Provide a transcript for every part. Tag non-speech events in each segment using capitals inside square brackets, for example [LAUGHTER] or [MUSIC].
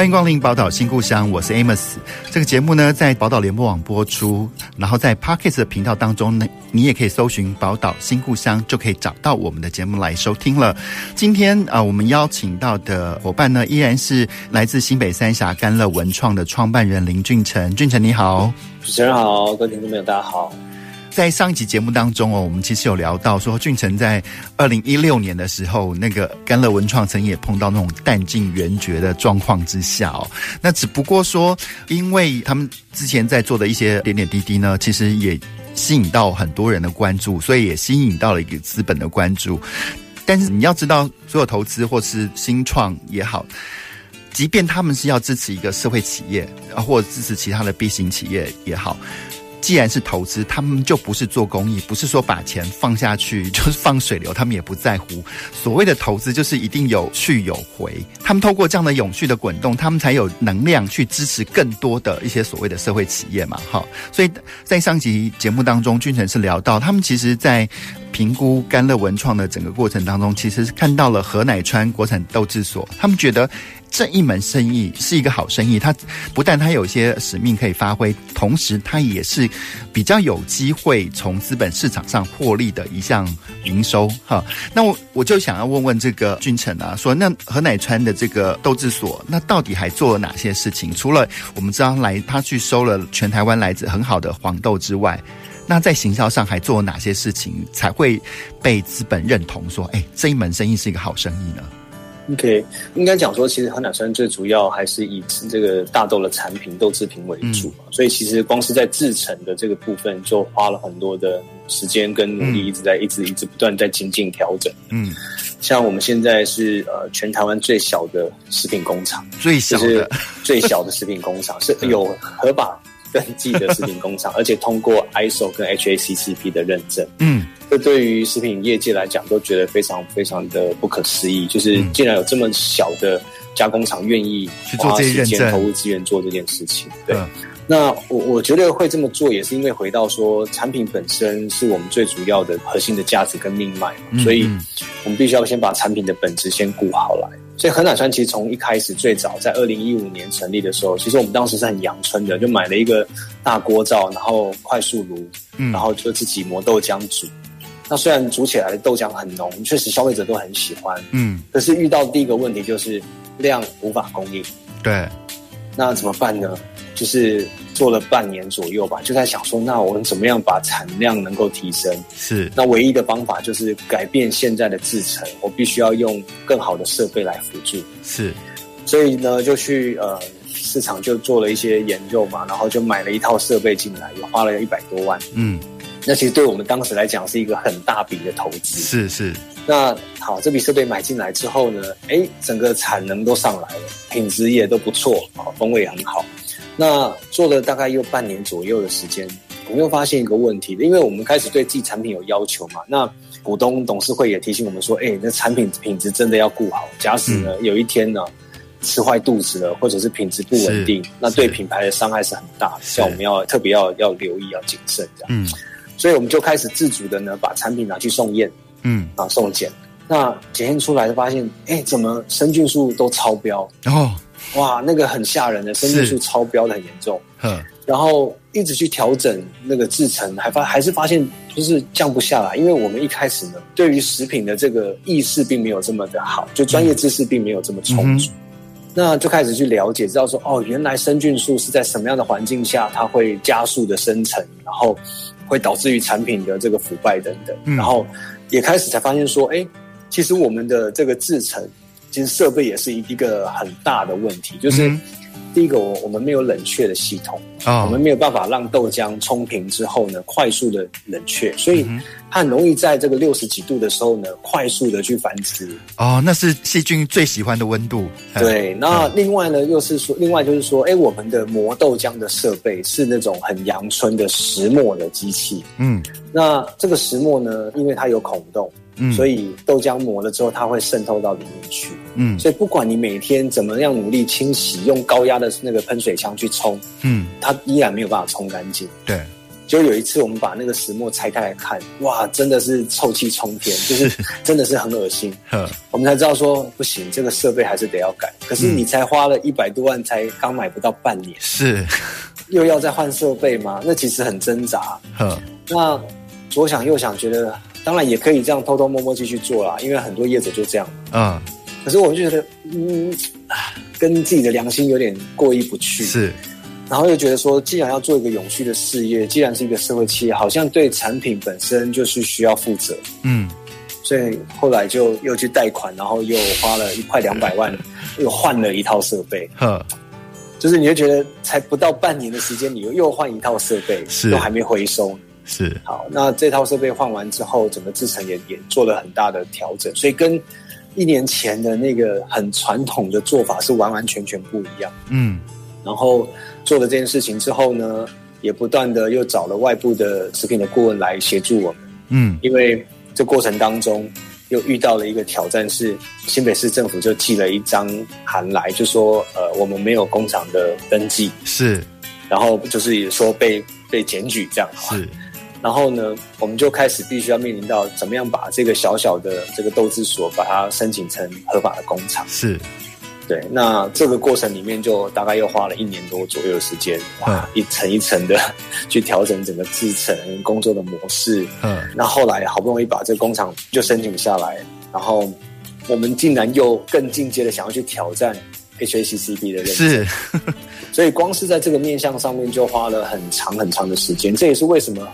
歡迎光臨寶島新故鄉，我是 Amos。這個節目呢，在寶島聯播網播出，然後在 Podcast 的頻道當中呢，你也可以搜尋“寶島新故鄉”就可以找到我們的節目來收聽了。今天啊，呃，我們邀請到的夥伴呢，依然是來自新北三峽甘樂文創的創辦人林峻丞。峻丞你好，主持人好，觀眾朋友大家好。在上一集節目當中哦，我們其實有聊到說，峻丞在二零一六年的時候，那個甘樂文創曾也碰到那種彈盡援絕的狀況之下哦。那只不過說，因為他們之前在做的一些點點滴滴呢，其實也吸引到很多人的關注，所以也吸引到了一個資本的關注。但是你要知道，做投資或是新創也好，即便他們是要支持一個社會企業啊，或者支持其他的 B 型企業也好。既然是投資，他們就不是做公益，不是說把錢放下去就是放水流，他們也不在乎。所謂的投資就是一定有去有回，他們透過這樣的永續的滾動，他們才有能量去支持更多的一些所謂的社會企業嘛，哈。所以在上集節目當中，峻丞是聊到他們其實在評估甘樂文創的整個過程當中，其實是看到了禾乃川國產豆製所，他們覺得。這一門生意是一個好生意，它不但，它有一些使命可以發揮，同時它也是比較有機會從資本市場上獲利的一項營收哈。那我我就想要問問這個峻丞啊，說那禾乃川的這個豆製所，那到底還做了哪些事情？除了我們知道來他去收了全台灣來自很好的黃豆之外，那在行銷上還做了哪些事情才會被資本認同說，說，欸，哎，這一門生意是一個好生意呢？OK，應該講說，其實禾乃川最主要還是以這個大豆的產品、豆製品為主嘛、嗯、所以其實光是在製程的這個部分，就花了很多的時間跟努力，一直在、一直、一直不斷在精進調整。嗯，像我們現在是呃，全台灣最小的食品工廠，最小、就是最小的食品工廠 [LAUGHS] 是有合法。登記的食品工廠， [LAUGHS] 而且通過 ISO 跟 HACCP 的認證。嗯，這對於食品業界來講都覺得非常非常的不可思議，就是竟然有這麼小的加工廠願意花時間去做這些認證，投入資源做這件事情。對，嗯、那我我覺得會這麼做，也是因為回到說產品本身是我們最主要的核心的價值跟命脈嘛、嗯嗯，所以我們必須要先把產品的本質先顧好來。所以禾乃川其實從一開始最早在二零一五年成立的時候，其實我們當時是很陽春的，就買了一個大鍋灶，然後快速爐，嗯，然後就自己磨豆漿煮。嗯。那雖然煮起來的豆漿很濃，確實消費者都很喜歡，嗯，可是遇到第一個問題就是量無法供應。對，那怎麼辦呢？就是。做了半年左右吧，就在想說，那我們怎麼樣把產量能夠提升？是，那唯一的方法就是改變現在的製程，我必須要用更好的設備來輔助。是，所以呢，就去呃市場就做了一些研究嘛，然後就買了一套設備進來，也花了一百多萬。嗯，那其實對我們當時來講是一個很大筆的投資。是是，那好，這筆設備買進來之後呢，哎、欸，整個產能都上來了，品質也都不錯啊，風味也很好。那做了大概又半年左右的時間，我們又發現一個問題，因為我們開始對自己產品有要求嘛。那股東董事會也提醒我們說：“哎、欸，那產品品質真的要顧好。假使呢、嗯、有一天呢，吃壞肚子了，或者是品質不穩定，那對品牌的傷害是很大的。所以我們要特別要要留意，要謹慎這樣。嗯，所以我們就開始自主的呢，把產品拿去送驗，嗯啊送檢。”那檢驗出來就發現，哎，怎麼生菌數都超標？然後，哇，那個很嚇人的生菌數超標得很嚴重。嗯、huh.，然後一直去調整那個製程，還發還是發現就是降不下來。因為我們一開始呢，對於食品的這個意識並沒有這麼的好，就專業知識並沒有這麼充足。Mm -hmm. 那就開始去了解，知道說哦，原來生菌數是在什麼樣的環境下它會加速的生成，然後會導致於產品的這個腐敗等等。Mm -hmm. 然後也開始才發現說，哎。其實我們的這個製程，其實設備也是一一個很大的問題。就是、嗯、第一個，我我們沒有冷卻的系統、哦，我們沒有辦法讓豆漿沖平之後呢，快速的冷卻，所以它很容易在這個六十幾度的時候呢，快速的去繁殖。哦，那是細菌最喜歡的溫度、嗯。對，那另外呢，又是說，另外就是說，哎、欸，我們的磨豆漿的設備是那種很陽春的石磨的機器。嗯，那這個石磨呢，因為它有孔洞。嗯、所以豆漿磨了之後，它會滲透到裡面去。嗯，所以不管你每天怎麼樣努力清洗，用高壓的那個噴水槍去沖，嗯，它依然沒有辦法沖乾淨。對，就有一次我們把那個石磨拆開來看，哇，真的是臭氣沖天，就是真的是很噁心。我們才知道說不行，這個設備還是得要改。可是你才花了一百多萬，才剛買不到半年，是，又要再換設備嗎？那其實很掙扎。哼，那左想右想，覺得。當然也可以這樣偷偷摸摸繼續做啦，因為很多業者就這樣。嗯，可是我就覺得，嗯，跟自己的良心有點過意不去。是，然後又覺得說，既然要做一個永續的事業，既然是一個社會企業，好像對產品本身就是需要負責。嗯，所以後來就又去貸款，然後又花了一塊兩百萬，又換了一套設備。嗯。就是你就覺得才不到半年的時間，你又又換一套設備，是，都還沒回收。是，好，那這套設備換完之後，整個製程也也做了很大的調整，所以跟一年前的那個很傳統的做法是完完全全不一樣。嗯，然後做了這件事情之後呢，也不斷的又找了外部的食品的顧問來協助我們。嗯，因為這過程當中又遇到了一個挑戰，是新北市政府就寄了一張函來，就說呃我們沒有工廠的登記，是，然後就是也說被被檢舉這樣的話，是。然後呢，我們就開始必須要面臨到怎麼樣把這個小小的這個豆製所，把它申請成合法的工廠。是，對。那這個過程裡面就大概又花了一年多左右的時間，哇、嗯，一層一層的去調整整個製程工作的模式。嗯。那後來好不容易把這個工廠就申請下來，然後我們竟然又更進階的想要去挑戰 HACCP 的認證。是。 [LAUGHS] 所以光是在這個面向上面就花了很長很長的時間，這也是為什麼。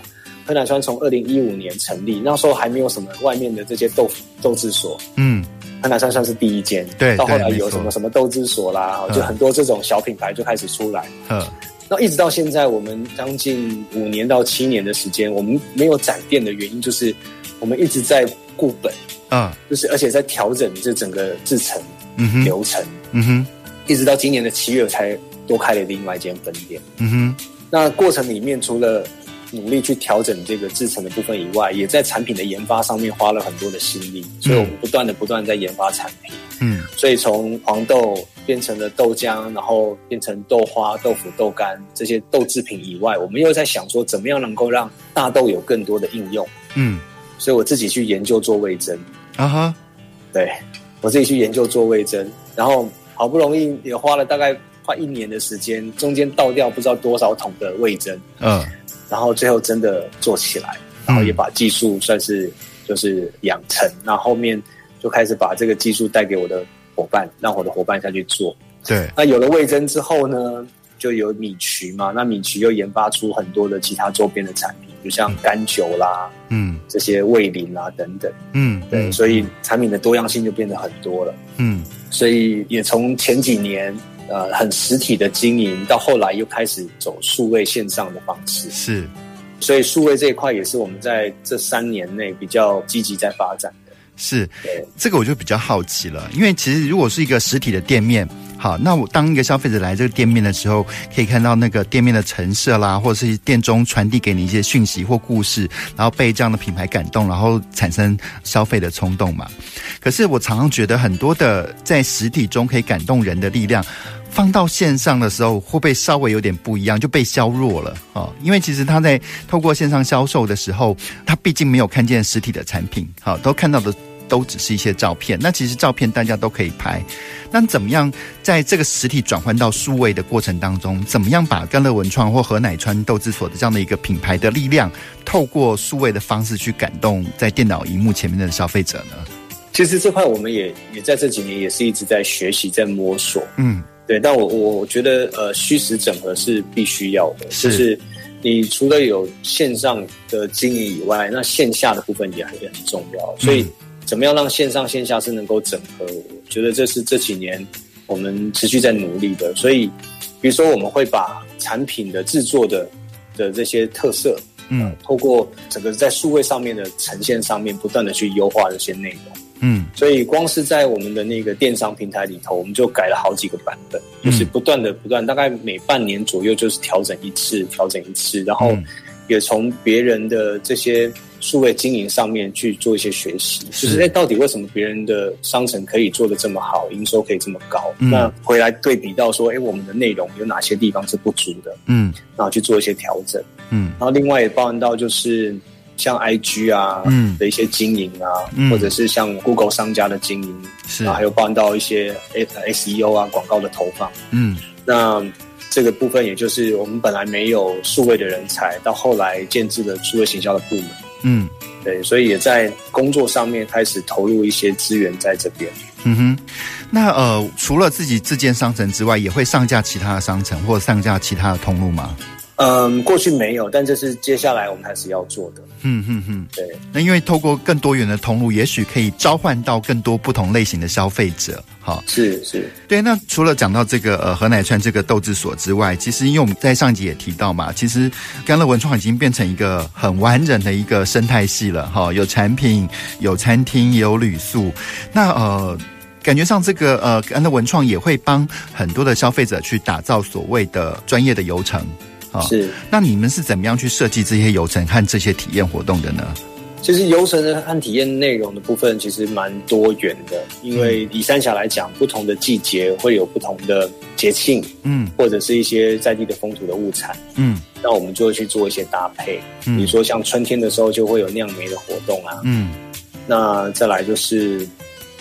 禾乃川從二零一五年成立，那時候還沒有什麼外面的這些豆豆製所，嗯，禾乃川算是第一間，對，到後來有什麼什麼豆製所啦，就很多這種小品牌就開始出來，嗯，那一直到現在，我們將近五年到七年的時間，我們沒有展店的原因就是我們一直在固本，啊、嗯，就是而且在調整這整個製程，嗯、流程，嗯哼，一直到今年的七月才多開了另外一間分店，嗯哼，那過程裡面除了。努力去調整這個制程的部分以外，也在產品的研發上面花了很多的心力，所以我們不斷的不斷地在研發產品。嗯，所以從黃豆變成了豆漿，然後變成豆花、豆腐、豆乾這些豆制品以外，我們又在想說怎麼樣能夠讓大豆有更多的應用。嗯，所以我自己去研究做味噌。啊哈，對，我自己去研究做味噌，然後好不容易也花了大概快一年的時間，中間倒掉不知道多少桶的味噌。嗯、Uh-huh。然後最後真的做起來，然後也把技術算是就是養成，那、嗯、後面就開始把這個技術帶給我的夥伴，讓我的夥伴下去做。對，那有了味噌之後呢，就有米麴嘛，那米麴又研發出很多的其他周邊的產品，就像甘酒啦，嗯，這些味醂啦、啊、等等，嗯，對，所以產品的多樣性就變得很多了，嗯，所以也從前幾年。呃，很實體的經營，到後來又開始走數位線上的方式。是，所以數位這一塊也是我們在這三年內比較積極在發展的。是，這個我就比較好奇了，因為其實如果是一個實體的店面，好，那我當一個消費者來這個店面的時候，可以看到那個店面的陳設啦，或者是店中傳遞給你一些訊息或故事，然後被這樣的品牌感動，然後產生消費的衝動嘛。可是我常常覺得，很多的在實體中可以感動人的力量，放到線上的時候會不會稍微有點不一樣，就被削弱了哦，因為其實他在透過線上銷售的時候，他畢竟沒有看見實體的產品，好、哦，都看到的。都只是一些照片，那其實照片大家都可以拍。那怎麼樣在這個實體轉換到數位的過程當中，怎麼樣把甘樂文創或禾乃川豆製所的這樣的一個品牌的力量，透過數位的方式去感動在電腦熒幕前面的消費者呢？其實這塊我們也也在這幾年也是一直在學習，在摸索。嗯，對。但我我我覺得呃，虛實整合是必須要的，是就是你除了有線上的經營以外，那線下的部分也也很，很重要，所以。嗯怎麼樣讓線上線下是能夠整合？我覺得這是這幾年我們持續在努力的。所以，比如說我們會把產品的制作的的這些特色，嗯，透過整個在數位上面的呈現上面，不斷的去優化這些內容。嗯，所以光是在我們的那個電商平台裡頭，我們就改了好幾個版本，就是不斷的不斷，大概每半年左右就是調整一次，調整一次，然後也從別人的這些。數位經營上面去做一些學習，就是哎，到底為什麼別人的商城可以做得這麼好，營收可以這麼高？嗯、那回來對比到說，哎，我們的內容有哪些地方是不足的？嗯，然後去做一些調整。嗯，然後另外也包含到就是像 I G 啊、嗯、的一些經營啊、嗯，或者是像 Google 商家的經營，是、嗯、還有包含到一些 S E O 啊廣告的投放。嗯，那這個部分也就是我們本來沒有數位的人才，到後來建置了數位行銷的部門。嗯，對，所以也在工作上面開始投入一些資源在這邊。嗯哼，那呃，除了自己自建商城之外，也會上架其他的商城或者上架其他的通路嗎？嗯，過去沒有，但這是接下來我們還是要做的。嗯嗯嗯，對。那因為透過更多元的通路，也許可以召喚到更多不同類型的消費者。哈、哦，是是，對。那除了講到這個呃禾乃川這個豆製所之外，其實因為我們在上一集也提到嘛，其實甘樂文創已經變成一個很完整的一個生態系了。哈、哦，有產品，有餐廳，也有旅宿。那呃，感覺上這個呃甘樂文創也會幫很多的消費者去打造所謂的專業的遊程。是、哦。那你們是怎麼樣去設計這些遊程和這些體驗活動的呢？其實遊程和體驗內容的部分其實蠻多元的，因為以三峽來講，不同的季節會有不同的節慶，嗯，或者是一些在地的風土的物產，嗯，那我們就會去做一些搭配，嗯，比如說像春天的時候就會有釀梅的活動啊，嗯，那再來就是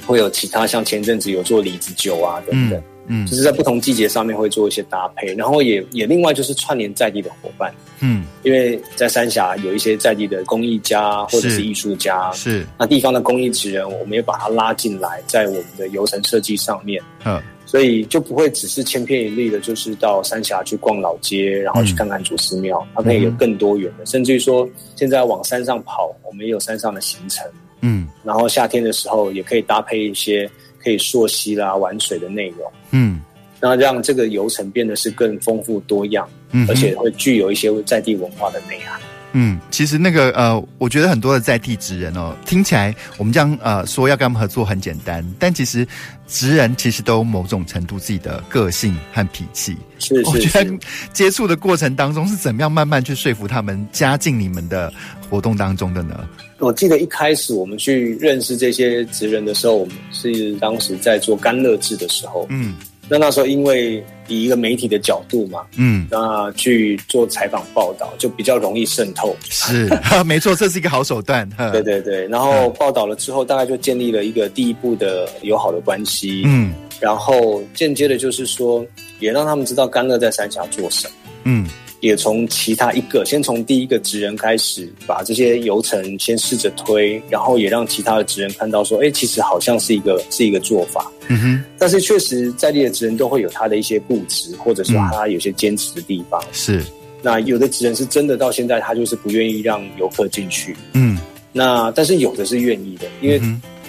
會有其他像前陣子有做李子酒啊等等。對。嗯，就是在不同季節上面會做一些搭配，然後也也另外就是串聯在地的夥伴，嗯，因為在三峽有一些在地的工藝家或者是藝術家，是那地方的工藝職人，我們也把它拉進來，在我們的遊程設計上面，嗯，所以就不會只是千篇一律的，就是到三峽去逛老街，然後去看看祖師廟，嗯，它可以有更多元的，嗯，甚至於說現在往山上跑，我們也有山上的行程，嗯，然後夏天的時候也可以搭配一些。可以溯溪啦、玩水的內容，嗯，那讓這個遊程變得是更豐富多樣，嗯，而且會具有一些在地文化的內涵。嗯，其實那個呃，我覺得很多的在地職人哦，聽起來我們這樣呃說要跟他們合作很簡單，但其實職人其實都某種程度自己的個性和脾氣。是是是。我覺得接觸的過程當中是怎麼樣慢慢去說服他們加進你們的活動當中的呢？我記得一開始我們去認識這些職人的時候，我們是當時在做甘樂志的時候，嗯。那那時候，因為以一個媒體的角度嘛，嗯，那去做採訪報道，就比較容易滲透，是，沒錯，這是一個好手段。對對對，然後報道了之後，大概就建立了一個第一步的友好的關係，嗯，然後間接的，就是說，也讓他們知道甘樂在三峽做什麼，嗯。也從其他一個，先從第一個職人開始，把這些流程先試着推，然後也讓其他的職人看到，說，哎、欸，其實好像是一個是一個做法。嗯哼。但是確實在地的職人都會有他的一些固執，或者說他有些堅持的地方。是、嗯。那有的職人是真的到現在他就是不願意讓遊客進去。嗯。那但是有的是願意的，因為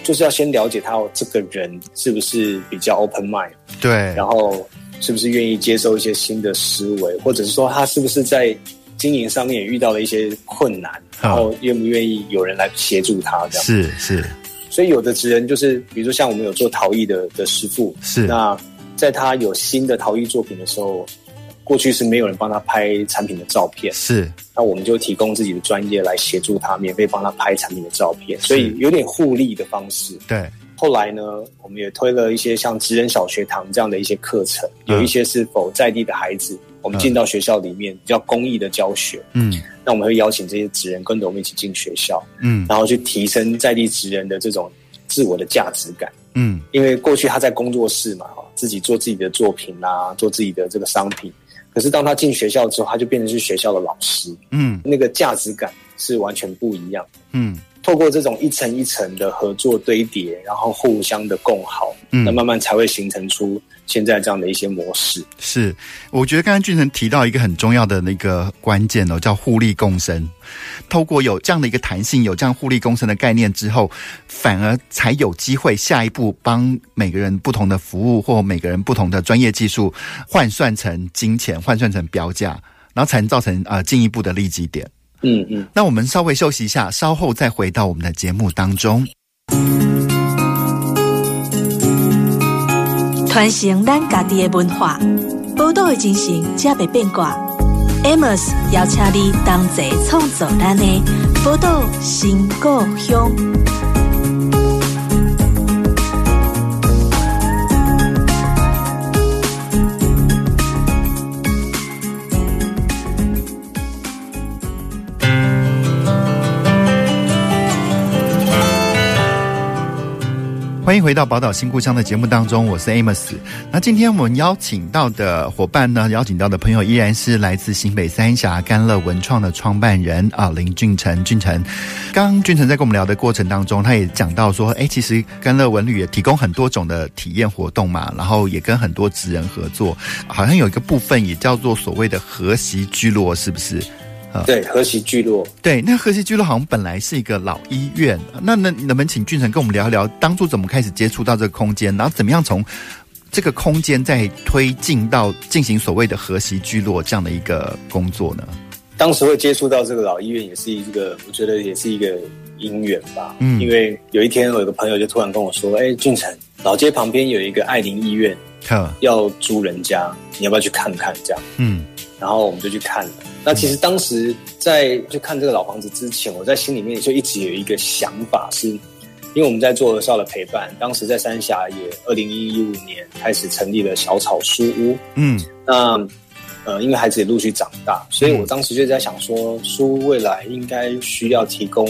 就是要先了解他這個人是不是比較 open mind。對。然後。是不是願意接受一些新的思維，或者是說他是不是在經營上面也遇到了一些困難，然後願不願意有人來協助他這樣子，哦，是是，所以有的職人就是，比如說像我們有做陶藝的的師傅，是那在他有新的陶藝作品的時候，過去是沒有人幫他拍產品的照片，是那我們就提供自己的專業來協助他，免費幫他拍產品的照片，所以有點互利的方式，對。後來呢，我們也推了一些像職人小學堂這樣的一些課程，嗯，有一些是否在地的孩子，我們進到學校裡面比較公益的教學，嗯，那我們會邀請這些職人跟着我們一起進學校，嗯，然後去提升在地職人的這種自我的價值感，嗯，因為過去他在工作室嘛，自己做自己的作品啦，啊，做自己的這個商品，可是當他進學校之後，他就變成是學校的老師，嗯，那個價值感是完全不一樣，嗯。透過這種一層一層的合作堆疊，然後互相的共好、嗯，那慢慢才會形成出現在這樣的一些模式。是，我覺得剛剛峻丞提到一個很重要的那個關鍵哦，叫互利共生。透過有這樣的一個彈性，有這樣互利共生的概念之後，反而才有機會下一步幫每個人不同的服務或每個人不同的專業技術換算成金錢，換算成標價，然後才能造成啊、呃、進一步的利基點。嗯嗯，那我們稍微休息一下，稍後再回到我們的節目當中。傳承咱家己的文化，寶島的精神才袂變卦。Amos 邀請你同齊創造咱的寶島新故鄉。回到寶島新故鄉的節目當中，我是 Amos。那今天我們邀請到的伙伴呢，邀請到的朋友依然是來自新北三峽甘樂文創的創辦人啊林峻丞。峻丞，剛峻丞在跟我們聊的過程當中，他也講到說，哎、欸，其實甘樂文旅也提供很多種的體驗活動嘛，然後也跟很多職人合作，好像有一個部分也叫做所謂的合習聚落，是不是？對，合習聚落，對。那合習聚落好像本來是一個老醫院，那能能不能請峻丞跟我們聊一聊，當初怎麼開始接觸到這個空間，然後怎麼樣從這個空間再推進到進行所謂的合習聚落這樣的一個工作呢？當時會接觸到這個老醫院，也是一個我覺得也是一個因緣吧。嗯，因為有一天我有個朋友就突然跟我說：“哎，峻丞，老街旁邊有一個愛鄰醫院，要租人家，你要不要去看看？”這樣，嗯，然後我們就去看了。那其實當時在就看這個老房子之前，我在心裡面就一直有一個想法，是，因為我們在做兒少的陪伴，當時在三峽也二零一五年開始成立了小草書屋，嗯，那呃，因為孩子也陸續長大，所以我當時就在想說，書屋未來應該需要提供，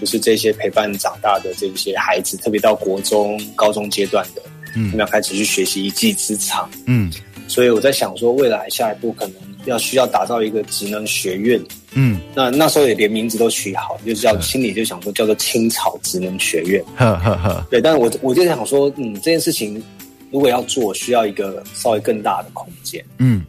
就是這些陪伴長大的這些孩子，特別到國中、高中階段的，嗯，要開始去學習一技之長，嗯，所以我在想說，未來下一步可能。要需要打造一個職能學院，嗯，那那時候也連名字都取好，就是要心裡就想說叫做青草職能學院，呵呵呵，對，但是我我就想說，嗯，這件事情如果要做，需要一個稍微更大的空間，嗯，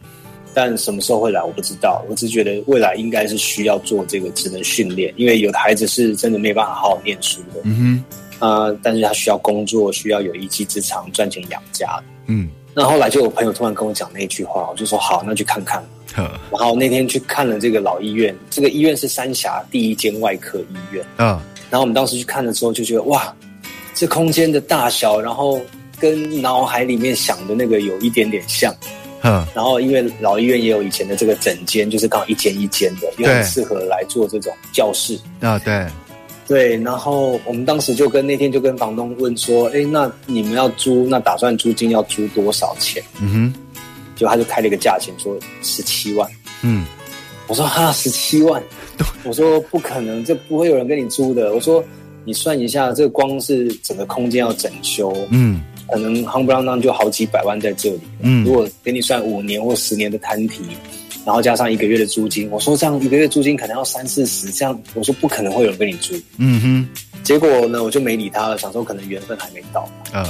但什麼時候會來我不知道，我只覺得未來應該是需要做這個職能訓練，因為有的孩子是真的沒辦法好好念書的，嗯哼，啊、呃，但是他需要工作，需要有一技之長賺錢養家，嗯，那後來就有朋友突然跟我講那句話，我就說好，那去看看。然後那天去看了這個老醫院，這個醫院是三峽第一間外科醫院。嗯、哦，然後我們當時去看的時候，就覺得哇，這空間的大小，然後跟腦海裡面想的那個有一點點像。嗯、哦，然後因為老醫院也有以前的這個整間，就是剛好一間一間的，又很適合來做這種教室。啊、哦，對，對。然後我們當時就跟那天就跟房東問說，哎，那你們要租，那打算租金要租多少錢？嗯哼。就他就開了一個價錢，說十七萬。嗯，我說啊，十七萬，我說不可能，這不會有人跟你租的。我說你算一下，這個光是整個空間要整修，嗯，可能夯不啷噹就好幾百萬在這裡。嗯，如果給你算五年或十年的攤提，然後加上一個月的租金，我說這樣一個月租金可能要三四十，這樣我說不可能會有人跟你租。嗯哼，結果呢，我就沒理他了，想說可能緣分還沒到。嗯，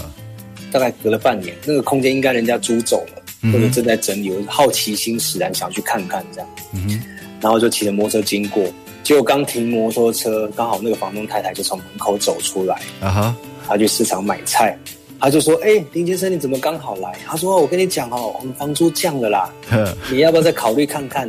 大概隔了半年，那個空間應該人家租走了，或者正在整理，我好奇心使然，想去看看這樣，嗯。然後就騎着摩托車經過，結果剛停摩托車，剛好那個房東太太就從門口走出來。啊哈！她去市場買菜，她就說：“哎，林先生，你怎麼剛好來？”她說：“我跟你講哦，我們房租降了啦， [LAUGHS] 你要不要再考慮看看？”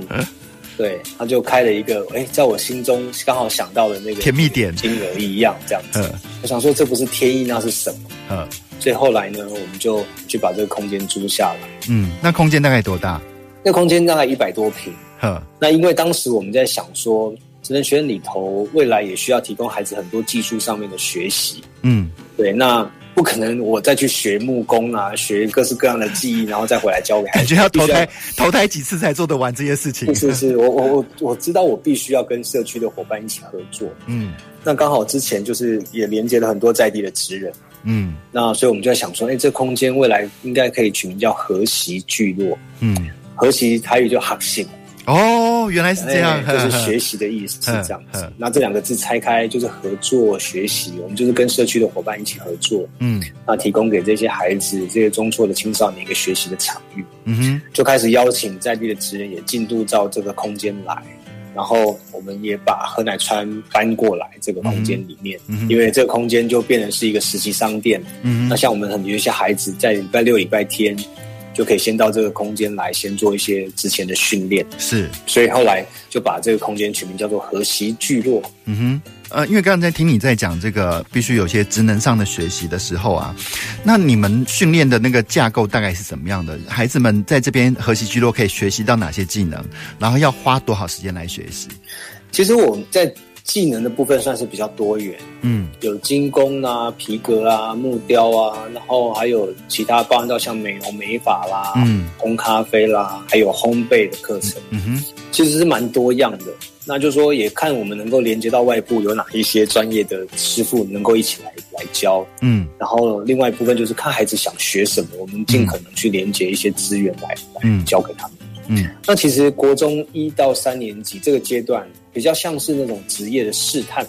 [LAUGHS] 對，她就開了一個。哎，在我心中剛好想到的那個甜蜜點金額一樣這樣子。 [LAUGHS] 我想說，這不是天意，那是什麼？嗯。 [LAUGHS] 所以後來呢，我們就去把這個空間租下了。嗯，那空間大概多大？那空間大概一百多平。呵，那因為當時我們在想說，職人學院裡頭未來也需要提供孩子很多技術上面的學習。嗯，對，那不可能，我再去學木工啊，學各式各樣的技藝，然後再回來教給孩子，感覺要投胎,要投,胎投胎幾次才做得完這些事情。是是,是，我我我我知道，我必須要跟社區的伙伴一起合作。嗯，那剛好之前就是也連接了很多在地的職人。嗯，那所以我們就在想說，哎、欸，這空間未來應該可以取名叫合習聚落。嗯，合習台語叫哈習哦，原來是這樣，就、欸、是學習的意思，呵呵是這樣子呵呵。那這兩個字拆開就是合作呵呵學習，我們就是跟社區的伙伴一起合作。嗯，那提供給這些孩子、這些中輟的青少年一個學習的場域。嗯哼，就開始邀請在地的職人也進駐到這個空間來。然後我們也把禾乃川搬過來這個空間裡面，嗯嗯，因為這個空間就變成是一個實習商店。嗯，那像我們很有一些孩子在禮拜六、禮拜天，就可以先到這個空間來，先做一些之前的訓練。是，所以後來就把這個空間取名叫做合習聚落。嗯哼。呃，因為剛才聽你在講這個必須有些職能上的學習的時候啊，那你們訓練的那個架構大概是怎麼樣的？孩子們在這邊合習聚落可以學習到哪些技能？然後要花多少時間來學習？其實我在。技能的部分算是比較多元，嗯，有金工啊、皮革啊、木雕啊，然後還有其他包含到像美容美髮啦、嗯，烘咖啡啦，還有烘焙的課程，嗯哼，其實是蠻多樣的。那就是說也看我們能夠連接到外部有哪一些專業的師傅能夠一起來來教，嗯，然後另外一部分就是看孩子想學什麼，我們盡可能去連接一些資源來，來教給他們，嗯，嗯。那其實國中一到三年級這個階段。比較像是那種職業的試探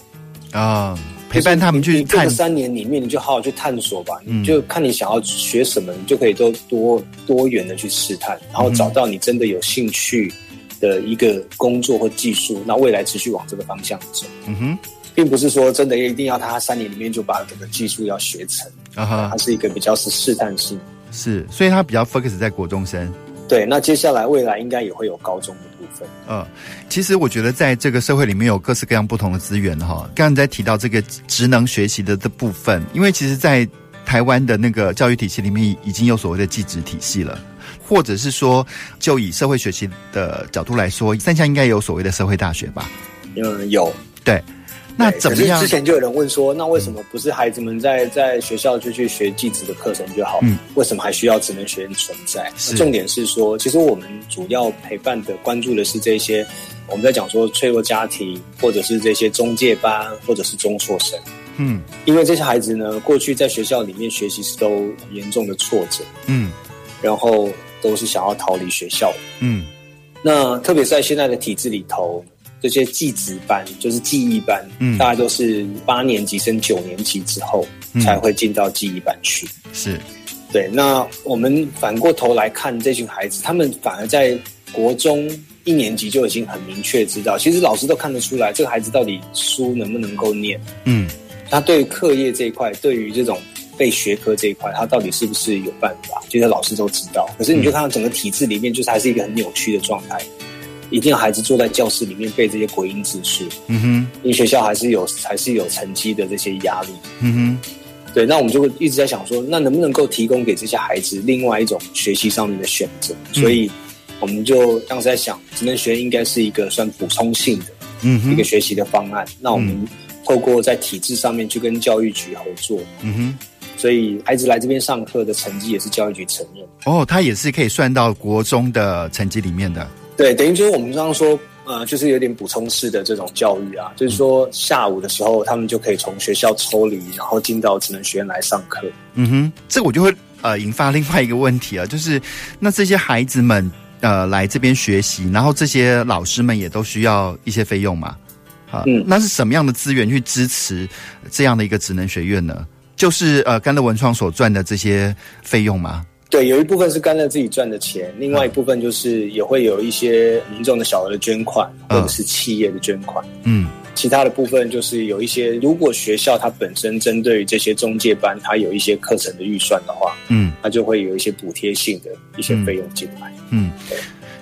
啊、呃，陪伴他們去這個三年裡面，你就好好去探索吧、嗯。你就看你想要學什麼，你就可以都多多多元的去試探，然後找到你真的有興趣的一個工作或技術，那未來持續往這個方向走。嗯哼，並不是說真的一定要他三年裡面就把整個技術要學成啊哈，它是一個比較是試探性，是，所以它比較 focus 在國中生。對，那接下來未來應該也會有高中的部分。嗯，其實我覺得在這個社會裡面有各式各樣不同的資源哈。剛剛在提到這個職能學習的這部分，因為其實，在台灣的那個教育體系裡面已經有所謂的技職體系了，或者是說，就以社會學習的角度來說，三峽應該有所謂的社會大學吧？嗯，有對。那怎麼樣？之前就有人問說，那為什麼不是孩子們在在學校就去學技職的課程就好？嗯，為什麼還需要職能學苑存在？那重點是說，其實我們主要陪伴的關注的是這些，我們在講說脆弱家庭，或者是這些中介班，或者是中輟生。嗯，因為這些孩子呢，過去在學校裡面學習是都嚴重的挫折。嗯，然後都是想要逃離學校。嗯，那特別在現在的體制裡頭。這些技職班就是技藝班，嗯，大概都是八年級升九年級之後、嗯、才會進到技藝班去。是，對。那我們反過頭來看這群孩子，他們反而在國中一年級就已經很明確知道，其實老師都看得出來，這個孩子到底書能不能夠念，嗯，他對課業這一塊，對於這種背學科這一塊，他到底是不是有辦法，其實老師都知道。可是你就看到整個體制裡面，就是還是一個很扭曲的狀態。嗯一定要孩子坐在教室裡面背這些國音字詞，嗯哼，因為學校還是有還是有成績的這些壓力，嗯哼，對，那我們就會一直在想說，那能不能夠提供給這些孩子另外一種學習上面的選擇？嗯、所以我們就當時在想，職能學苑應該是一個算補充性的，嗯一個學習的方案、嗯。那我們透過在體制上面去跟教育局合作，嗯哼，所以孩子來這邊上課的成績也是教育局承認，哦，他也是可以算到國中的成績裡面的。對，等於就是我們剛剛說，呃，就是有點補充式的這種教育啊，就是說下午的時候，他們就可以從學校抽離，然後進到智能學院來上課。嗯哼，這我就會呃引發另外一個問題啊，就是那這些孩子們呃來這邊學習，然後這些老師們也都需要一些費用嘛？啊、呃嗯，那是什麼樣的資源去支持這樣的一個智能學院呢？就是呃，甘樂文創所賺的這些費用嗎？對，有一部分是甘樂自己賺的錢，另外一部分就是也會有一些民眾的小額的捐款，或者是企業的捐款。嗯，其他的部分就是有一些，如果學校它本身針對於這些中介班，它有一些課程的預算的話，嗯，它就會有一些補貼性的一些費用進來。嗯，對，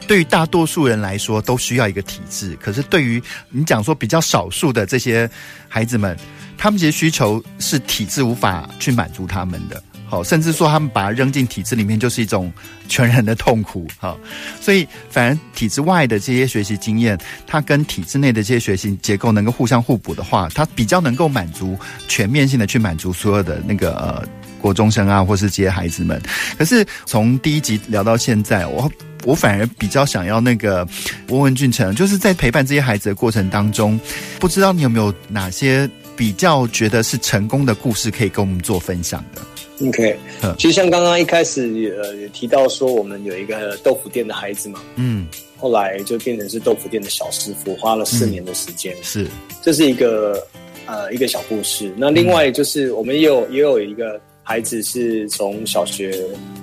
對於大多數人來說都需要一個體制，可是對於你講說比較少數的這些孩子們，他們這些需求是體制無法去滿足他們的。好，甚至說他們把它扔進體制裡面，就是一種全然的痛苦。哈，所以反而體制外的這些學習經驗，它跟體制內的這些學習結構能夠互相互補的話，它比較能夠滿足全面性的去滿足所有的那個呃國中生啊，或是這些孩子們。可是從第一集聊到現在，我我反而比較想要那個問問峻丞，就是在陪伴這些孩子的過程當中，不知道你有沒有哪些比較覺得是成功的故事可以跟我們做分享的。OK，其實像剛剛一開始呃也提到說，我們有一個豆腐店的孩子嘛，嗯，後來就變成是豆腐店的小師傅，花了四年的時間、嗯，是，這、就是一個呃一個小故事。那另外就是我們也有也有一個孩子是從小學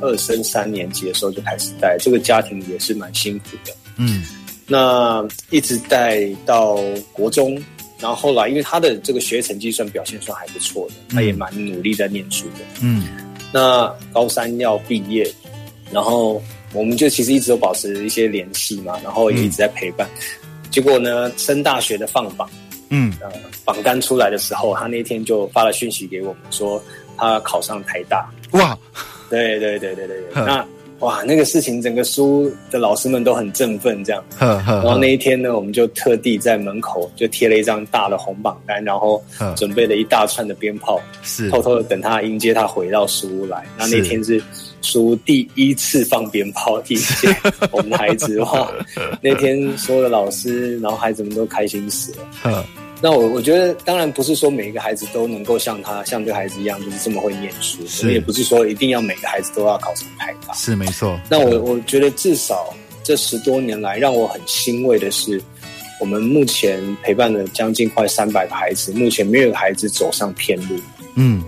二升三年級的時候就開始帶，這個家庭也是蠻辛苦的，嗯，那一直帶到國中。然後後來，因為他的這個學成績算表現算還不錯的、嗯，他也蠻努力在念書的。嗯，那高三要畢業，然後我們就其實一直都保持一些聯繫嘛，然後也一直在陪伴、嗯。結果呢，升大學的放榜，嗯，呃、榜單出來的時候，他那天就發了訊息給我們說他考上台大。哇，對對對對對對，那。哇，那個事情整個書的老師們都很振奮，這樣呵呵呵。然後那一天呢，我們就特地在門口就貼了一張大的紅榜單，然後準備了一大串的鞭炮，偷偷的等他迎接他回到書屋來。那那天是書第一次放鞭炮迎接我們的孩子，哇！那天所有的老師，然後孩子們都開心死了。那我我覺得，當然不是說每一個孩子都能夠像他像這孩子一樣，就是這麼會念書。我們也不是說一定要每個孩子都要考什麼牌坊。是沒錯。那我、嗯、我覺得，至少這十多年來，讓我很欣慰的是，我們目前陪伴了將近快三百個孩子，目前沒有一個孩子走上偏路。嗯，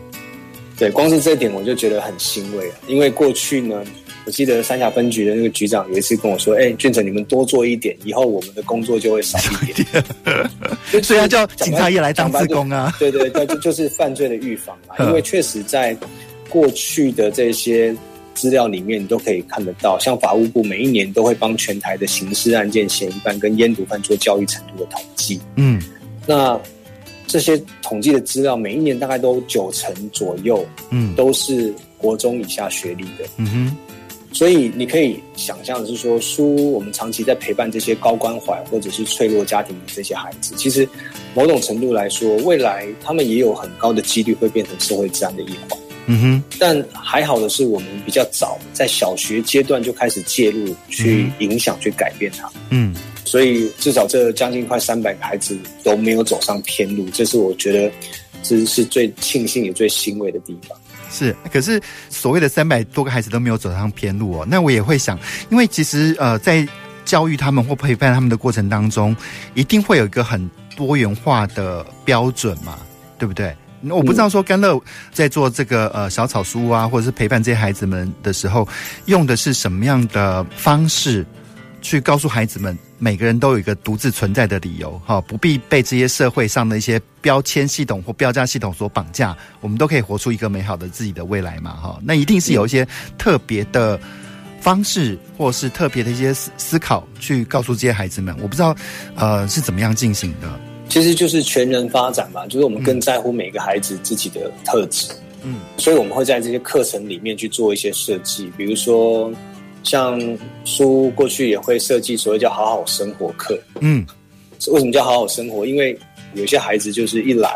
對，光是這一點我就覺得很欣慰，因為過去呢。我記得三峽分局的那個局長有一次跟我說：“哎、欸，俊成，你們多做一點，以後我們的工作就會少一點。 [LAUGHS] 就就是”所以叫警察也來當志工啊？對對對，就就是犯罪的預防嘛。 [LAUGHS] 因為確實，在過去的這些資料裡面，你都可以看得到，像法務部每一年都會幫全台的刑事案件嫌疑犯跟煙毒犯做教育程度的統計。嗯，那這些統計的資料，每一年大概都九成左右，嗯，都是國中以下學歷的。嗯哼。所以你可以想象的是說，書我們長期在陪伴這些高關懷或者是脆弱家庭的這些孩子，其實某種程度來說，未來他們也有很高的幾率會變成社會治安的一環。嗯哼，但還好的是我們比較早在小學階段就開始介入去影響、嗯、去改變他。嗯，所以至少這將近快三百個孩子都沒有走上偏路，這是我覺得這是最慶幸也最欣慰的地方。是，可是所謂的三百多個孩子都沒有走上偏路哦，那我也會想，因為其實呃，在教育他們或陪伴他們的過程當中，一定會有一個很多元化的標準嘛，對不對？嗯、我不知道說甘樂在做這個呃小草書啊，或者是陪伴這些孩子們的時候，用的是什麼樣的方式。去告訴孩子們，每個人都有一個獨自存在的理由，哈，不必被這些社會上的一些標籤系統或標價系統所綁架。我們都可以活出一個美好的自己的未來嘛，哈。那一定是有一些特別的方式，或是特別的一些思考，去告訴這些孩子們。我不知道，呃，是怎麼樣進行的。其實就是全人發展嘛，就是我們更在乎每個孩子自己的特質，嗯，所以我們會在這些課程裡面去做一些設計，比如說。像書過去也會設計所謂叫“好好生活課”。嗯，為什麼叫“好好生活”？因為有些孩子就是一來，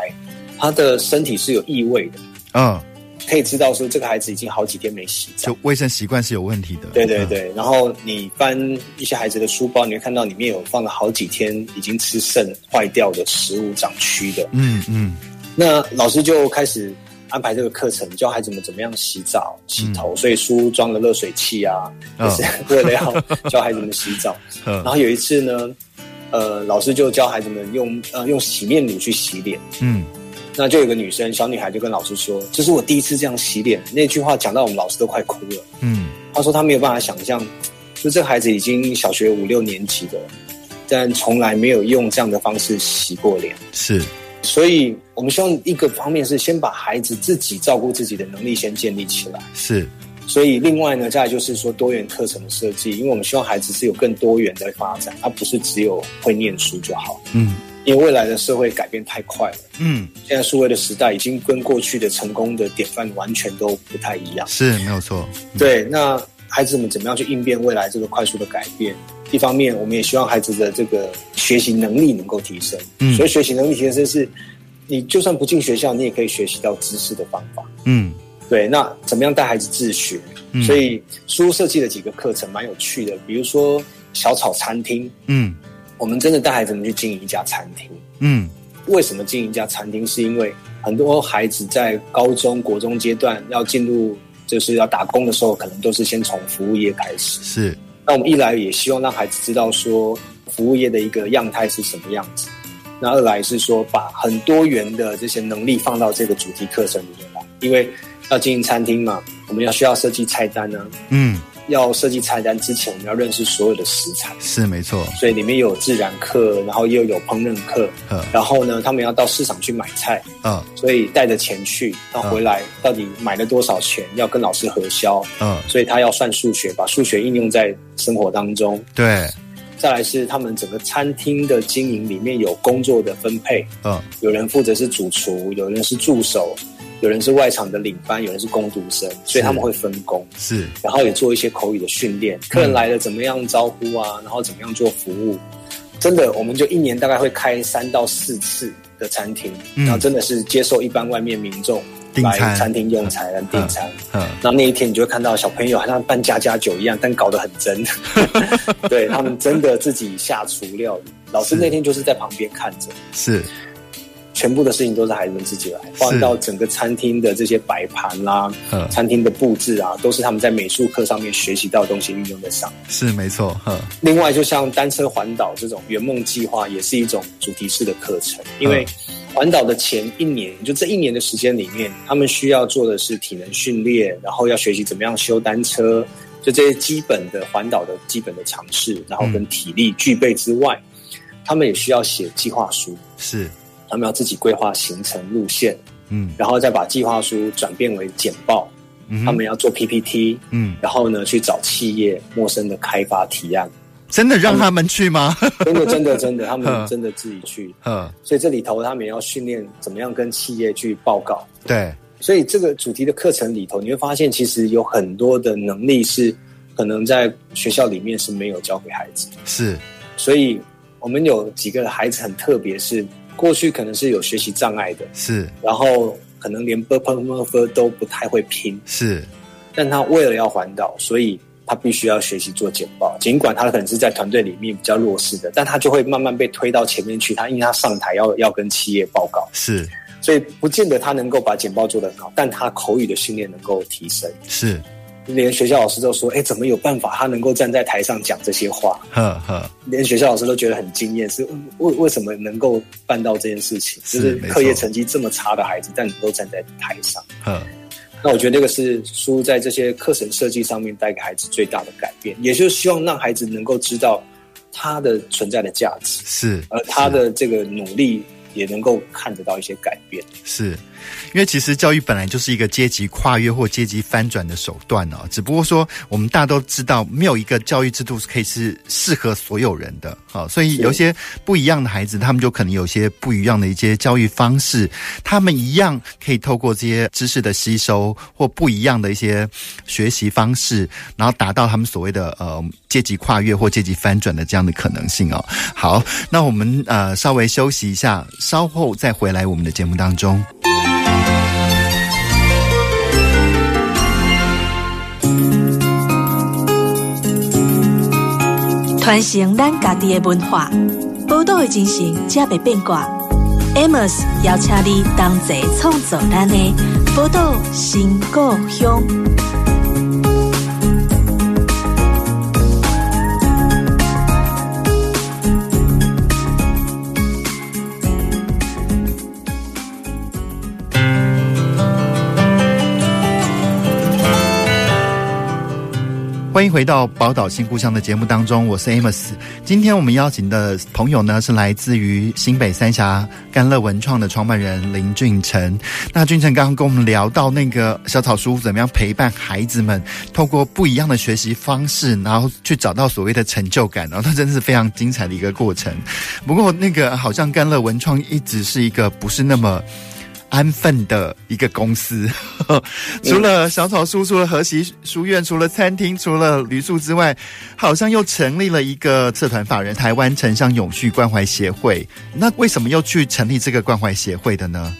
他的身體是有異味的。嗯、哦，可以知道說這個孩子已經好幾天沒洗澡，就衛生習慣是有問題的。對對對，嗯、然後你翻一些孩子的書包，你會看到裡面有放了好幾天已經吃剩、壞掉的食物、長蛆的。嗯嗯，那老師就開始。安排這個課程教孩子們怎麼樣洗澡、洗頭，嗯、所以書裝了熱水器啊，嗯、就是為了要教孩子們洗澡，嗯。然後有一次呢，呃，老師就教孩子們用呃用洗面乳去洗臉。嗯，那就有個女生，小女孩就跟老師說：“這、就是我第一次這樣洗臉。”那句話講到我們老師都快哭了。嗯，她說她沒有辦法想象，就這個孩子已經小學五六年級的，但從來沒有用這樣的方式洗過臉。是。所以，我們希望一個方面是先把孩子自己照顧自己的能力先建立起來。是，所以另外呢，再來就是說多元課程的設計，因為我們希望孩子是有更多元的發展，他不是只有會念書就好了。嗯，因為未來的社會改變太快了。嗯，現在數位的時代已經跟過去的成功的典範完全都不太一樣。是，沒有錯，嗯。對，那孩子們怎麼樣去應變未來這個快速的改變？一方面，我們也希望孩子的這個學習能力能夠提升。嗯，所以學習能力提升是，你就算不進學校，你也可以學習到知識的方法。嗯，對。那怎麼樣帶孩子自學？嗯，所以書設計了幾個課程，蠻有趣的。比如說小草餐廳。嗯，我們真的帶孩子們去經營一家餐廳。嗯，為什麼經營一家餐廳？是因為很多孩子在高中國中階段要進入，就是要打工的時候，可能都是先從服務業開始。是。那我們一來也希望讓孩子知道說服務業的一個樣態是什麼樣子，那二來是說把很多元的這些能力放到這個主題課程裡面來，因為要經營餐廳嘛，我們要需要設計菜單呢，啊。嗯。要設計菜單之前，我們要認識所有的食材，是沒錯。所以裡面有自然課，然後又有烹飪課，然後呢，他們要到市場去買菜，嗯、哦。所以帶着錢去，那回來到底買了多少錢，要跟老師核銷，嗯、哦。所以他要算數學，把數學應用在生活當中，對。再來是他們整個餐廳的經營裡面有工作的分配，嗯、哦。有人負責是主廚，有人是助手。有人是外場的領班，有人是工讀生，所以他們會分工。是，然後也做一些口語的訓練、嗯，客人來了怎麼樣招呼啊，然後怎麼樣做服務。真的，我們就一年大概會開三到四次的餐廳、嗯，然後真的是接受一般外面民眾來餐廳用餐來訂餐。嗯、啊，那、啊啊、那一天你就會看到小朋友好像辦家家酒一樣，但搞得很真。 [LAUGHS] [LAUGHS] 對，他們真的自己下廚料理，老師那天就是在旁邊看着。是。是全部的事情都是孩子們自己來，放到整個餐廳的這些擺盤啦、啊，餐廳的佈置啊，都是他們在美術課上面學習到的東西運用得上。是沒錯，另外，就像單車環島這種圓夢計劃，也是一種主題式的課程。因為環島的前一年，就這一年的時間裡面，他們需要做的是體能訓練，然後要學習怎麼樣修單車，就這些基本的環島的基本的常識，然後跟體力具備之外，嗯、他們也需要寫計劃書。是。他們要自己規劃行程路線，嗯，然後再把計劃書轉變為簡報。嗯、他們要做 PPT，嗯，然後呢，去找企業陌生的開發提案。真的讓他們去嗎？真的，真的，真的， [LAUGHS] 他們真的自己去。嗯， [LAUGHS] 所以這裡頭他們要訓練怎麼樣跟企業去報告。對，所以這個主題的課程裡頭，你會發現其實有很多的能力是可能在學校裡面是沒有教給孩子。是，所以我們有幾個孩子很特別，是。過去可能是有學習障礙的，是，然後可能連 butter m e r 都不太會拼，是，但他為了要環島，所以他必須要學習做簡報，儘管他可能是在團隊裡面比較弱勢的，但他就會慢慢被推到前面去，他因為他上台要要跟企業報告，是，所以不見得他能夠把簡報做得很好，但他口語的訓練能夠提升，是。連學校老師都說：“哎，怎麼有辦法他能夠站在台上講這些話？呵呵，連學校老師都覺得很驚艷，是為為什麼能夠辦到這件事情？就是課業成績這麼差的孩子，但能夠站在台上。嗯，那我覺得這個是書在這些課程設計上面帶給孩子最大的改變，也就是希望讓孩子能夠知道他的存在的價值，是，是，而他的這個努力也能夠看得到一些改變，是。是”因為其實教育本來就是一個階級跨越或階級翻轉的手段哦，只不過說我們大家都知道，沒有一個教育制度是可以是適合所有人的，哦，所以有些不一樣的孩子，他們就可能有些不一樣的一些教育方式，他們一樣可以透過這些知識的吸收或不一樣的一些學習方式，然後達到他們所謂的呃階級跨越或階級翻轉的這樣的可能性哦。好，那我們呃稍微休息一下，稍後再回來我們的節目當中。傳承咱家己的文化，寶島的精神才袂變卦。 [MUSIC] Amos 要請你同齊創作咱的寶島新故鄉。歡迎回到《寶島新故鄉》的節目當中，我是 Amos。今天我們邀請的朋友呢，是來自於新北三峽甘樂文創的創辦人林峻丞。那峻丞剛剛跟我們聊到那個小草書怎麼樣陪伴孩子們，透過不一樣的學習方式，然後去找到所謂的成就感，然後他真的是非常精彩的一個過程。不過，那個好像甘樂文創一直是一個不是那麼。安分的一個公司，嗯、除了小草書，除了和西書院，除了餐廳，除了旅宿之外，好像又成立了一個社團法人——台灣城鄉永續關懷協會。那為什麼又去成立這個關懷協會的呢？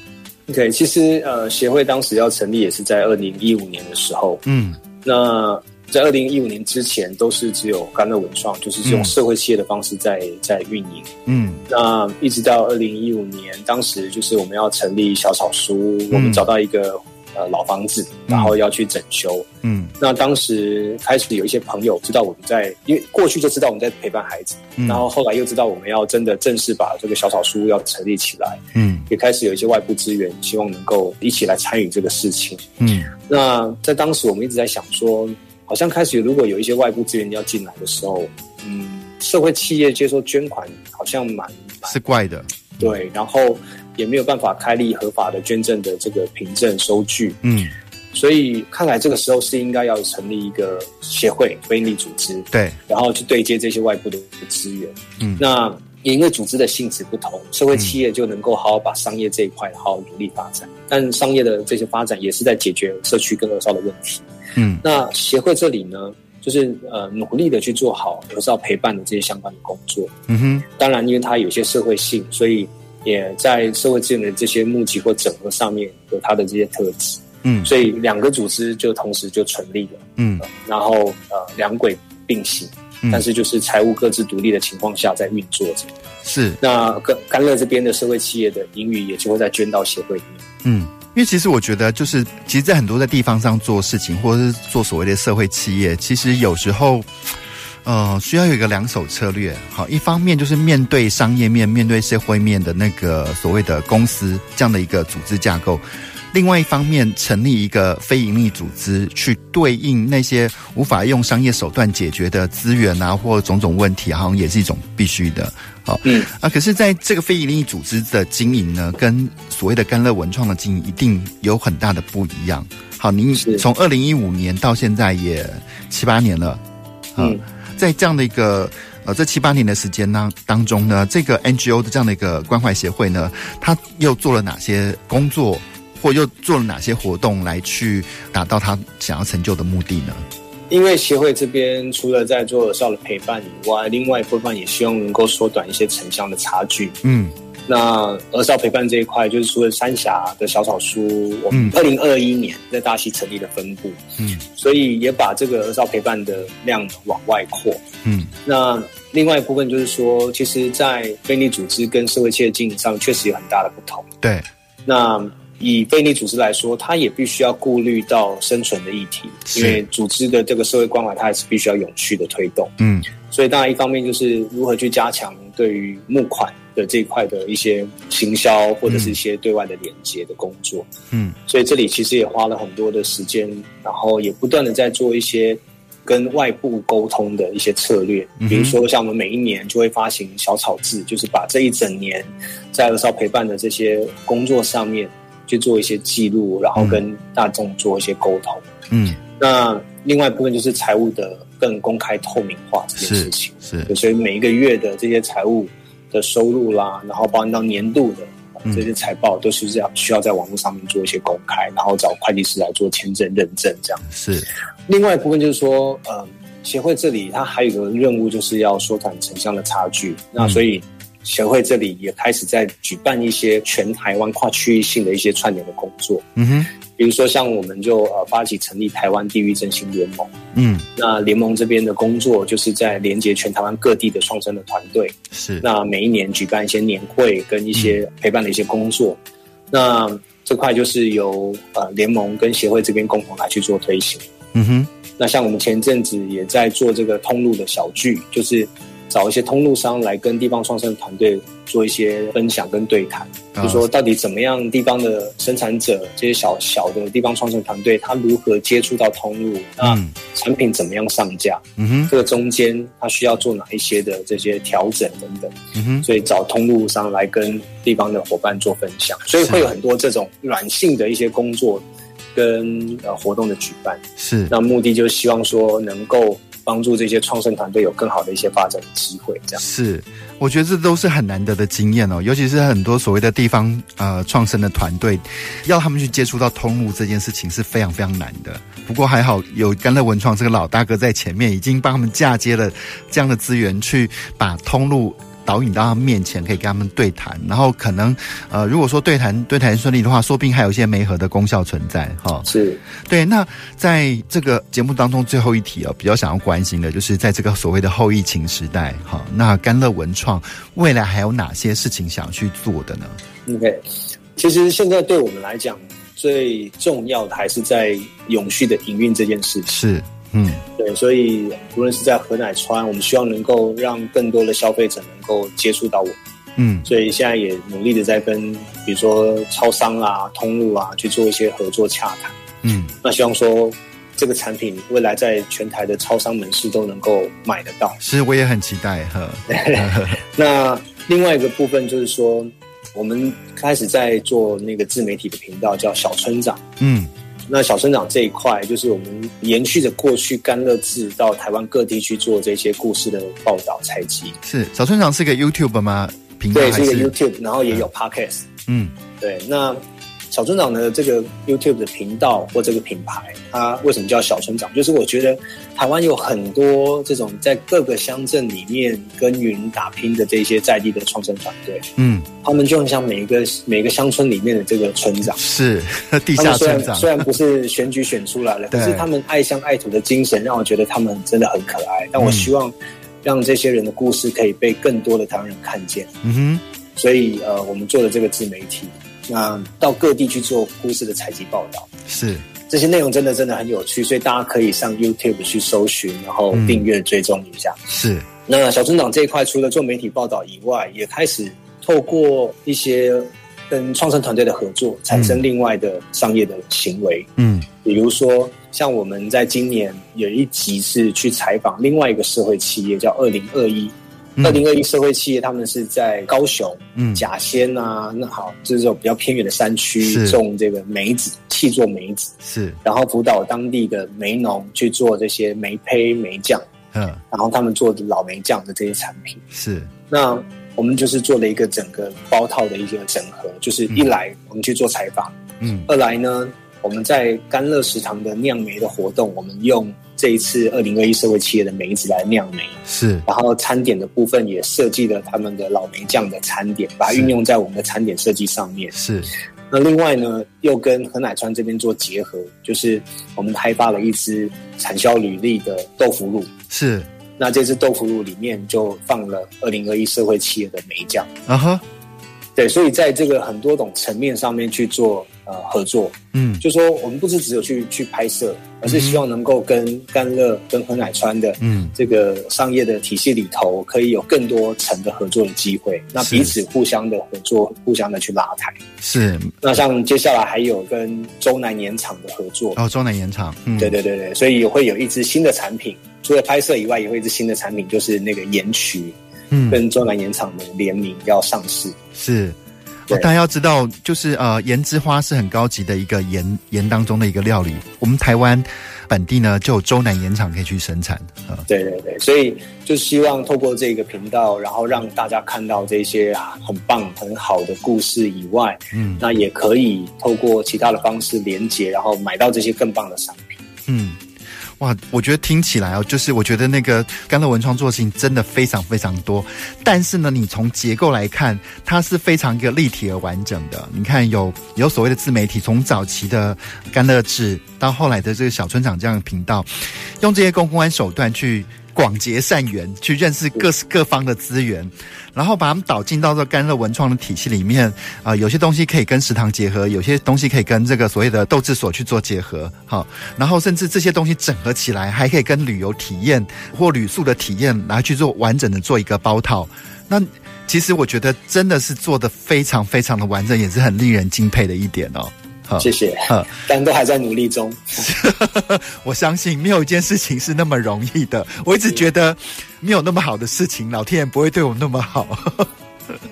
對，okay, 其實呃，協會當時要成立也是在二零一五年的時候，嗯，那。在二零一五年之前，都是只有甘樂文創，就是這種社會企業的方式在在運營。嗯，那一直到二零一五年，當時就是我們要成立小草書屋，嗯、我們找到一個呃老房子，然後要去整修。嗯，那當時開始有一些朋友知道我們在，因為過去就知道我們在陪伴孩子、嗯，然後後來又知道我們要真的正式把這個小草書屋要成立起來。嗯，也開始有一些外部資源，希望能夠一起來參與這個事情。嗯，那在當時我們一直在想說，好像開始，如果有一些外部資源要進來的時候，嗯，社會企業接受捐款好像蠻是怪的，對、嗯，然後也沒有辦法開立合法的捐贈的這個憑證收據，嗯，所以看來這個時候是應該要成立一個協會、非營利組織，對，然後去對接這些外部的資源，嗯，那因為組織的性質不同，社會企業就能夠好好把商業這一塊好好努力發展、嗯，但商業的這些發展也是在解決社區跟弱勢的問題。嗯，那協會這裡呢，就是呃努力的去做好有時要陪伴的這些相關的工作。嗯哼，當然，因為它有些社會性，所以也在社會資源的這些募集或整合上面有它的這些特質。嗯，所以兩個組織就同時就成立了。嗯，呃，然後呃兩軌並行，嗯，但是就是財務各自獨立的情況下在運作着。是，那甘甘樂這邊的社會企業的盈餘也就會再捐到協會裡面。嗯。因為其實我覺得，就是其實，在很多的地方上做事情，或者是做所謂的社會企業，其實有時候，呃，需要有一個兩手策略。好，一方面就是面對商業面、面對社會面的那個所謂的公司這樣的一個組織架構；另外一方面，成立一個非營利組織，去對應那些無法用商業手段解決的資源啊，或者種種問題啊，好像也是一種必須的。好，嗯啊，可是在這個非營利組織的經營呢，跟所謂的甘樂文創的經營一定有很大的不一樣。好，您從二零一五年到現在也七八年了，嗯，啊、在這樣的一個呃這七八年的時間當當中呢，這個 NGO 的這樣的一個關懷協會呢，他又做了哪些工作，或又做了哪些活動來去達到他想要成就的目的呢？因為協會這邊除了在做兒少的陪伴以外，另外一部分也希望能夠縮短一些城鄉的差距。嗯，那兒少陪伴這一塊，就是除了三峽的小草書，我們二零二一年在大溪成立的分部，嗯，所以也把這個兒少陪伴的量往外擴。嗯，那另外一部分就是說，其實，在非營利組織跟社會企業經營上，確實有很大的不同。對，那。以非營利組織來說，它也必須要顧慮到生存的議題，是因為組織的這個社會關懷，它還是必須要永續的推動。嗯，所以當然一方面就是如何去加強對於募款的這一塊的一些行銷，或者是一些對外的連接的工作。嗯，所以這裡其實也花了很多的時間，然後也不斷的在做一些跟外部溝通的一些策略，嗯、比如說像我們每一年就會發行小草誌，就是把這一整年在兒少陪伴的這些工作上面。去做一些記錄，然後跟大眾做一些溝通。嗯，那另外一部分就是財務的更公開透明化這件事情。是，是所以每一個月的這些財務的收入啦，然後包含到年度的、呃、這些財報，都是要需要在網絡上面做一些公開，然後找會計師來做簽證認證這樣。是，另外一部分就是說，嗯、呃，協會這裡它還有一個任務，就是要縮短城鄉的差距。嗯、那所以。協會這裡也開始在舉辦一些全台灣跨區域性的一些串聯的工作，嗯哼，比如說像我們就呃發起成立台灣地域振興聯盟，嗯，那聯盟這邊的工作就是在連接全台灣各地的創生的團隊，是，那每一年舉辦一些年會跟一些陪伴的一些工作，嗯，那這塊就是由呃聯盟跟協會這邊共同來去做推行，嗯哼，那像我們前陣子也在做這個通路的小聚，就是。找一些通路商來跟地方創生團隊做一些分享跟對談，oh. 就是說到底怎麼樣地方的生產者這些小小的地方創生團隊，他如何接觸到通路？嗯、那產品怎麼樣上架？嗯哼，這個中間他需要做哪一些的這些調整等等？嗯哼，所以找通路商來跟地方的夥伴做分享，所以會有很多這種軟性的一些工作跟呃活動的舉辦，是，那目的就希望說能夠。幫助這些創生團隊有更好的一些發展機會，這樣是，我覺得這都是很難得的經驗哦。尤其是很多所謂的地方，呃，創生的團隊，要他們去接觸到通路這件事情是非常非常難的。不過還好有甘樂文創這個老大哥在前面，已經幫他們嫁接了這樣的資源，去把通路。導引到他面前，可以跟他們對談，然後可能，呃，如果說對談對談順利的話，說不定還有一些媒合的功效存在，哈、哦。是，對。那在這個節目當中，最後一題哦，比較想要關心的就是在這個所謂的後疫情時代，哈、哦，那甘樂文創未來還有哪些事情想要去做的呢？OK，其實現在對我們來講，最重要的還是在永續的營運這件事。是。嗯，對，所以無論是在禾乃川，我們希望能夠讓更多的消費者能夠接觸到我們。嗯，所以現在也努力的在跟，比如說超商啊、通路啊去做一些合作洽談。嗯，那希望說這個產品未來在全台的超商門市都能夠買得到。其實我也很期待 [LAUGHS] 那另外一個部分就是說，我們開始在做那個自媒體的頻道，叫小村長。嗯。那小村長這一塊，就是我們延續着過去甘樂誌到台灣各地去做這些故事的報道採集。是，小村長是個 YouTube 嗎？平台還是？對，是一個 YouTube，然後也有 Podcast。嗯。嗯，對，那。小村長的這個 YouTube 的頻道或這個品牌，它為什麼叫小村長？就是我覺得台灣有很多這種在各個鄉鎮裡面耕耘打拼的這些在地的創生團隊，嗯，他們就像每一個每一個鄉村裡面的這個村長，是他地下村長雖然，雖然不是選舉選出來了，對，但是他們愛鄉愛土的精神讓我覺得他們真的很可愛。但我希望讓這些人的故事可以被更多的台灣人看見。嗯哼，所以呃，我們做了這個自媒體。那到各地去做故事的採集報道，是這些內容真的真的很有趣，所以大家可以上 YouTube 去搜尋，然後訂閱、嗯、追蹤一下。是那小村長這一塊，除了做媒體報道以外，也開始透過一些跟創生團隊的合作，產生另外的商業的行為。嗯，比如說像我們在今年有一集是去採訪另外一個社會企業，叫二零二一。二零二一社會企業，他們是在高雄，嗯，甲仙啊，那好，就是這種比較偏遠的山區種這個梅子，契作梅子是，然後輔導當地的梅農去做這些梅胚梅醬，嗯，然後他們做的老梅醬的這些產品是。那我們就是做了一個整個包套的一個整合，就是一來我們去做採訪，嗯，二來呢，我們在甘樂食堂的釀梅的活動，我們用。這一次，二零二一社會企業的梅子來釀梅是，然後餐點的部分也設計了他們的老梅醬的餐點，把它運用在我們的餐點設計上面是。那另外呢，又跟禾乃川這邊做結合，就是我們開發了一支產銷履歷的豆腐乳是。那這支豆腐乳裡面就放了二零二一社會企業的梅醬啊哈、uh -huh。對，所以在這個很多種層面上面去做。呃，合作，嗯，就是說我們不是只有去去拍攝，而是希望能夠跟甘樂、跟禾乃川的，嗯，這個商業的體系裡頭，可以有更多層的合作的機會，嗯。那彼此互相的合作，互相的去拉抬。是。那像接下來還有跟周南鹽場的合作。哦，周南鹽場。嗯，對對對對。所以會有一支新的產品，除了拍攝以外，也會有一支新的產品，就是那個鹽曲，嗯，跟周南鹽場的聯名要上市。是。大家要知道，就是呃，鹽之花是很高級的一個鹽鹽當中的一個料理。我們台灣本地呢，就有洲南鹽場可以去生產。啊、呃，對對對，所以就希望透過這個頻道，然後讓大家看到這些、啊、很棒、很好的故事以外，嗯，那也可以透過其他的方式連接，然後買到這些更棒的商品。嗯。哇，我覺得聽起來哦，就是我覺得那個甘樂文創作品真的非常非常多，但是呢，你從結構來看，它是非常一個立體而完整的。你看有，有有所謂的自媒體，從早期的甘樂誌到後來的這個小村長這樣的頻道，用這些公關手段去。廣結善緣，去認識各各方的資源，然後把他們導進到這甘樂文創的體系裡面啊、呃。有些東西可以跟食堂結合，有些東西可以跟這個所謂的豆製所去做結合，哈、哦。然後甚至這些東西整合起來，還可以跟旅遊體驗或旅宿的體驗來去做完整的做一個包套。那其實我覺得真的是做得非常非常的完整，也是很令人敬佩的一點哦。好謝謝，但都還在努力中，嗯呵呵呵。我相信沒有一件事情是那麼容易的。嗯，我一直覺得沒有那麼好的事情，老天爺不會對我那麼好呵呵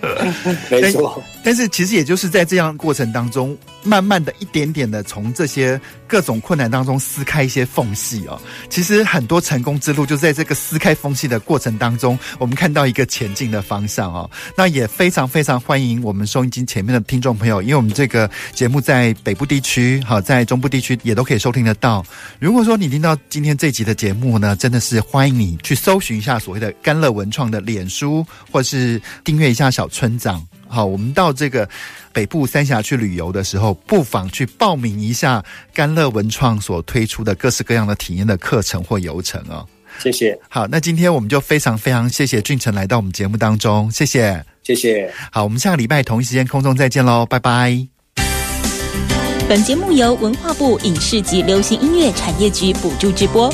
呵呵。沒錯，但是其實也就是在這樣過程當中，慢慢的一點點的從這些。各種困難當中撕開一些縫隙哦，其實很多成功之路就在這個撕開縫隙的過程當中，我們看到一個前進的方向哦。那也非常非常歡迎我們收音機前面的聽眾朋友，因為我們這個節目在北部地區，好，在中部地區也都可以收聽得到。如果說你聽到今天這集的節目呢，真的是歡迎你去搜尋一下所謂的甘樂文創的臉書，或是訂閱一下小村長。好，我們到這個北部三峽去旅遊的時候，不妨去報名一下甘樂文創所推出的各式各樣的體驗的課程或遊程哦。謝謝。好，那今天我們就非常非常謝謝峻丞來到我們節目當中，謝謝，謝謝。好，我們下個禮拜同一時間空中再見嘍，拜拜。本節目由文化部影視及流行音樂產業局補助直播。